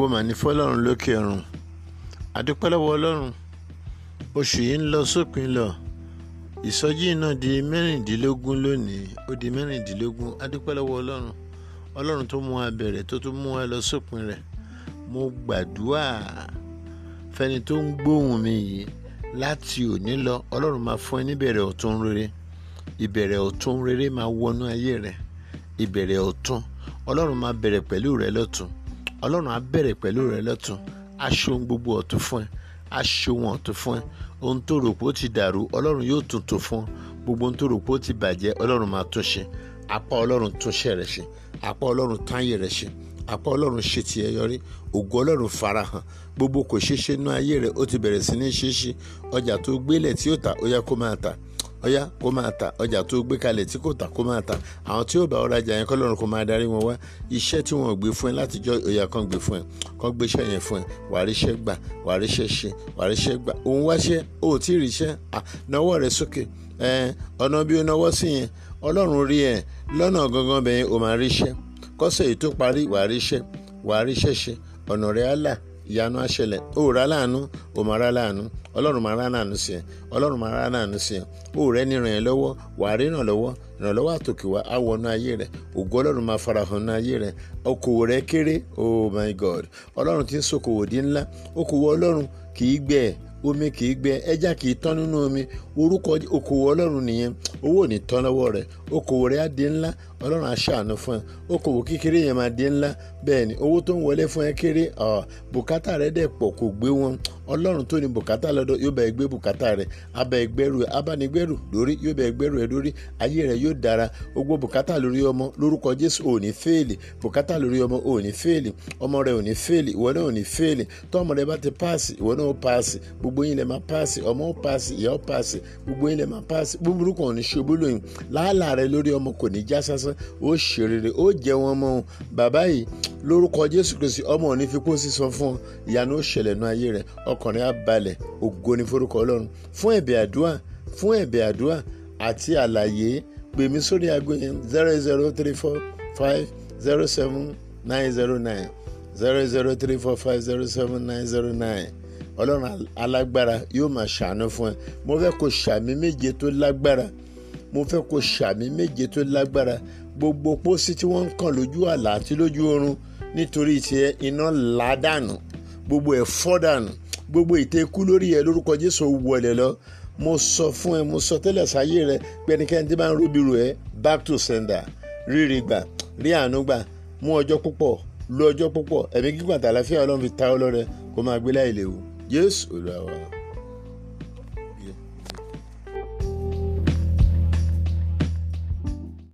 ògo mà ní fọlọ́run lókè ọ̀run àdúpẹ́ lọ́wọ́ ọlọ́run oṣù yìí ń lọ sópin lọ ìsọjí náà di mẹ́rìndínlógún lónìí ó di mẹ́rìndínlógún àdúpẹ́ lọ́wọ́ ọlọ́run ọlọ́run tó mú wa bẹ̀rẹ̀ tó tún mú wa lọ sópin rẹ̀ mo gbàdúrà fẹ́ni tó ń gbóhùn mi yìí láti òní lọ ọlọ́run máa fún ẹ níbẹ̀rẹ̀ ọ̀tun rere ìbẹ̀rẹ̀ ọ̀tun rere máa wọnú ayé rẹ ìbẹ̀rẹ̀ ọ̀tun ọlọ́run máa bẹ̀rẹ̀ pẹ̀lú rẹ lọ́tun ọlọ́run á bẹ̀rẹ̀ pẹ̀lú rẹ lọ́tún á ṣohun gbogbo ọ̀tún fún ẹ á ṣohun ọ̀tún fún ẹ ohun tó rò pé ó ti dàrú ọlọ́run yóò tuntun fún ọ gbogbo ohun tó rò pé ó ti bàjẹ́ ọlọ́run máa tún ṣe apá ọlọ́run túnṣe rẹ ṣe apá ọlọ́run táyé rẹ ṣe apá ọlọ́run ṣe tiẹ̀ yọrí ògo ọlọ́run farahàn gbogbo kò ṣeéṣe nínú ayé rẹ ó ti bẹ̀rẹ̀ sí ní ṣeéṣe ọjà tó gbélẹ̀ tí ó tà ó yẹ kó máa tà ọyá kó máa ta ọjà tó gbé kalẹ̀ tí kò tà kó máa ta àwọn tí ó bá ọrajà yẹn kọ́lọ́run kó máa darí wọn wá iṣẹ́ tí wọ́n gbé fún ẹ látijọ́ ọyà kan gbé fún ẹ kan gbé iṣẹ́ yẹn fún ẹ wàá gbà wàá ṣe wàá gbà òun wáṣẹ́ o ti tí ì ríṣẹ́ náwó rẹ sókè ọ̀nà bí o náwó sí yẹn ọlọ́run rí ẹ lọ́nà gangan bẹ́ẹ̀ o máa ríṣẹ́ kọ́sẹ̀ ètò yanu á ṣẹlẹ̀ ó ra laanu o ma ra laanu ọlọrun ma ra laanu sí ọlọrun ma ra laanu láàánú sí rẹ ní ràn lọwọ lọ́wọ́ wàá rí ràn lọ́wọ́ àtòkè wá á wọnú ayé rẹ̀ ògo farahàn ní ayé okòwò kéré oh my god ọlọ́run ti ń ṣokòwò di ńlá omi kì í gbẹ ẹja kì í tán nínú omi orúkọ okòwò ọlọ́run nìyẹn owó ò ní tán lọ́wọ́ rẹ okòwò rẹ̀ á di ńlá ọlọ́run á ṣàánú fún ẹ okòwò kékeré yẹn máa di ńlá bẹ́ẹ̀ ni owó tó ń wọlé fún ẹ kéré bùkátà rẹ dẹ̀ pọ̀ kò gbé wọn ọlọ́run tó ní bùkátà lọ́dọ̀ yóò gbé bùkátà abẹ́ abánigbẹ́rù ẹ lórí ayé rẹ ìwọ gbogbo yín lè máa paasi ọmọ ó paasi ìyá ó paasi gbogbo yín lè máa paasi búburú kan ò ní ṣubú lóyún làálà rẹ lórí ọmọ kò ní já sásán ó ṣe rere ó jẹ wọn mọ ohun bàbá yìí lórúkọ jésù kristi ọmọ ò ní fi kó sísọ fún ọ ìyanu ó ṣẹlẹ̀ nú ayé rẹ ọkùnrin á balẹ̀ ògo ní forúkọ ọlọ́run fún ẹ̀bẹ̀ àdúrà fún ẹ̀bẹ̀ àdúrà àti àlàyé pè mí sórí aago yẹn zero zero three four five zero seven nine zero nine zero zero three four five zero seven nine zero nine ọlọ́run alágbára yóò máa ṣàánú fún ẹ mo fẹ́ kó ṣàmì méje tó lágbára mo fẹ́ kó ṣàmì méje tó lágbára gbogbo pósí tí wọ́n ń kàn lójú àlá àti lójú oorun nítorí tiẹ̀ iná là dànù gbogbo ẹ̀ fọ́ dànù gbogbo ìtẹ́kú lórí ẹ lórúkọ jésù wọlé lọ mo sọ fún ẹ mo sọ tẹ́lẹ̀ sáyé rẹ pé ẹnikẹ́ni tí bá ń róbìrò ẹ back to sender rírì gbà rí àánú gbà mú ọjọ́ púpọ̀ lọ ọjọ́ púpọ̀ ẹ̀mí gígùn àtàlàfíà ọlọ́run fi ta ọ lọ́rẹ kó máa gbé láì léwu. Yes, la